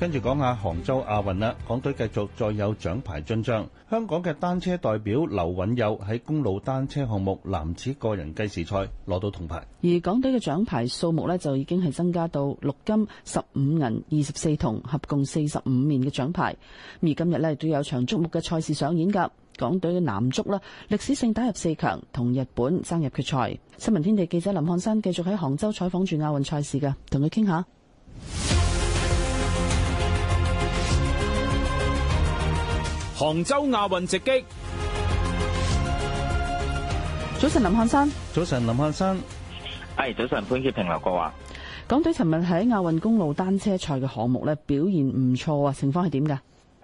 跟住講下杭州亞運啦，港隊繼續再有獎牌進帳。香港嘅單車代表劉允祐喺公路單車項目男子個人計時賽攞到銅牌，而港隊嘅獎牌數目呢，就已經係增加到六金十五銀二十四銅，合共四十五面嘅獎牌。而今日呢，都有場矚目嘅賽事上演㗎，港隊嘅男足啦，歷史性打入四強，同日本爭入決賽。新聞天地記者林漢山繼續喺杭州採訪住亞運賽事㗎，同佢傾下。杭州亞運直擊，早晨，林漢山。早晨，林漢山。係，早晨潘潔平、劉國華，港隊尋日喺亞運公路單車賽嘅項目咧表現唔錯啊，情況係點㗎？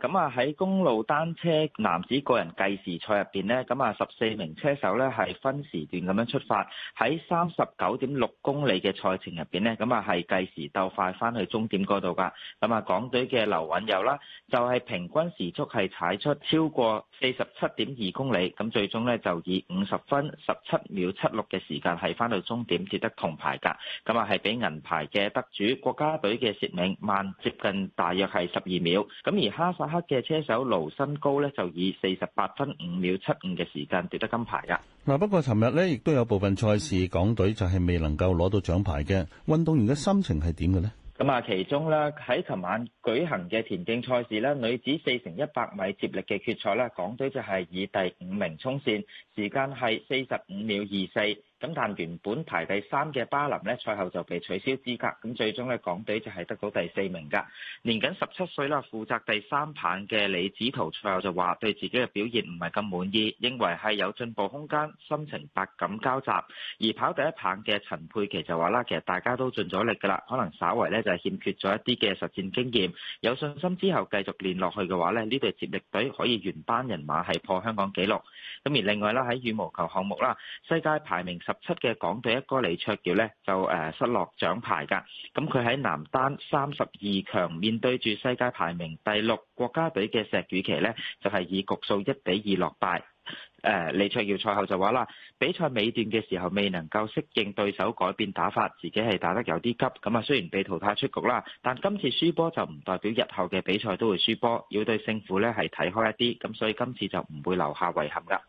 咁啊喺公路單車男子個人計時賽入面呢，咁啊十四名車手呢係分時段咁樣出發，喺三十九點六公里嘅賽程入面呢，咁啊係計時鬥快翻去終點嗰度噶。咁啊港隊嘅劉允祐啦，就係平均時速係踩出超過四十七點二公里，咁最終呢，就以五十分十七秒七六嘅時間係翻到終點，奪得銅牌噶。咁啊係比銀牌嘅得主國家隊嘅薛銘慢接近大約係十二秒。咁而哈薩嘅車手盧新高咧就以四十八分五秒七五嘅時間奪得金牌噶。嗱，不過尋日咧亦都有部分賽事港隊就係未能夠攞到獎牌嘅運動員嘅心情係點嘅呢？咁啊，其中咧喺琴晚舉行嘅田徑賽事咧，女子四乘一百米接力嘅決賽咧，港隊就係以第五名衝線，時間係四十五秒二四。咁但原本排第三嘅巴林呢，賽後就被取消資格。咁最終呢，港隊就係得到第四名噶。年僅十七歲啦，負責第三棒嘅李子圖賽後就話，對自己嘅表現唔係咁滿意，認為係有進步空間，心情百感交集。而跑第一棒嘅陳佩琪就話啦，其實大家都盡咗力噶啦，可能稍為呢，就係欠缺咗一啲嘅實戰經驗。有信心之後繼續練落去嘅話呢，呢隊接力隊可以原班人馬係破香港紀錄。咁而另外啦，喺羽毛球項目啦，世界排名十七嘅港隊一哥李卓耀呢，就誒失落獎牌噶，咁佢喺男單三十二強面對住世界排名第六國家隊嘅石宇奇呢，就係、是、以局數一比二落敗。誒、呃，李卓耀賽後就話啦，比賽尾段嘅時候未能夠適應對手改變打法，自己係打得有啲急。咁啊，雖然被淘汰出局啦，但今次輸波就唔代表日後嘅比賽都會輸波，要對勝負呢係睇開一啲。咁所以今次就唔會留下遺憾噶。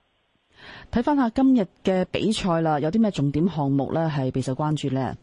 睇翻下今日嘅比賽啦，有啲咩重點項目呢？係備受關注呢。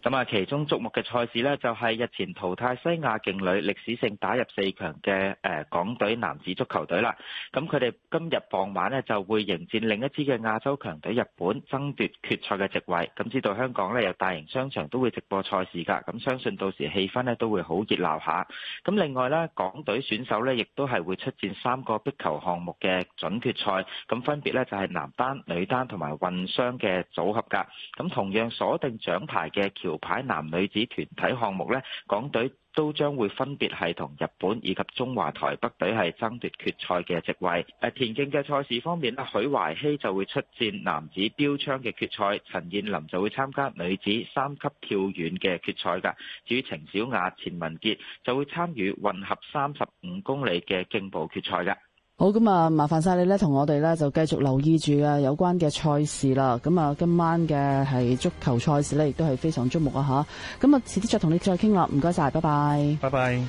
咁啊，其中矚目嘅賽事咧，就係日前淘汰西亞勁旅，歷史性打入四強嘅誒港隊男子足球隊啦。咁佢哋今日傍晚咧就會迎戰另一支嘅亞洲強隊日本，爭奪決賽嘅席位。咁知道香港咧有大型商場都會直播賽事噶，咁相信到時氣氛咧都會好熱鬧下。咁另外咧，港隊選手咧亦都係會出戰三個壁球項目嘅準決賽，咁分別咧就係男單、女單同埋混雙嘅組合噶。咁同樣鎖定獎牌嘅。條牌男女子團體項目呢，港隊都將會分別係同日本以及中華台北隊係爭奪決賽嘅席位。誒，田徑嘅賽事方面呢，許懷希就會出戰男子標槍嘅決賽，陳燕琳就會參加女子三級跳遠嘅決賽噶。至於程小雅、錢文傑就會參與混合三十五公里嘅競步決賽噶。好咁啊，麻煩晒你咧，同我哋咧就繼續留意住嘅有關嘅賽事啦。咁啊，今晚嘅係足球賽事咧，亦都係非常觸目啊吓。咁啊，遲啲再同你再傾啦。唔該晒，拜拜。拜拜。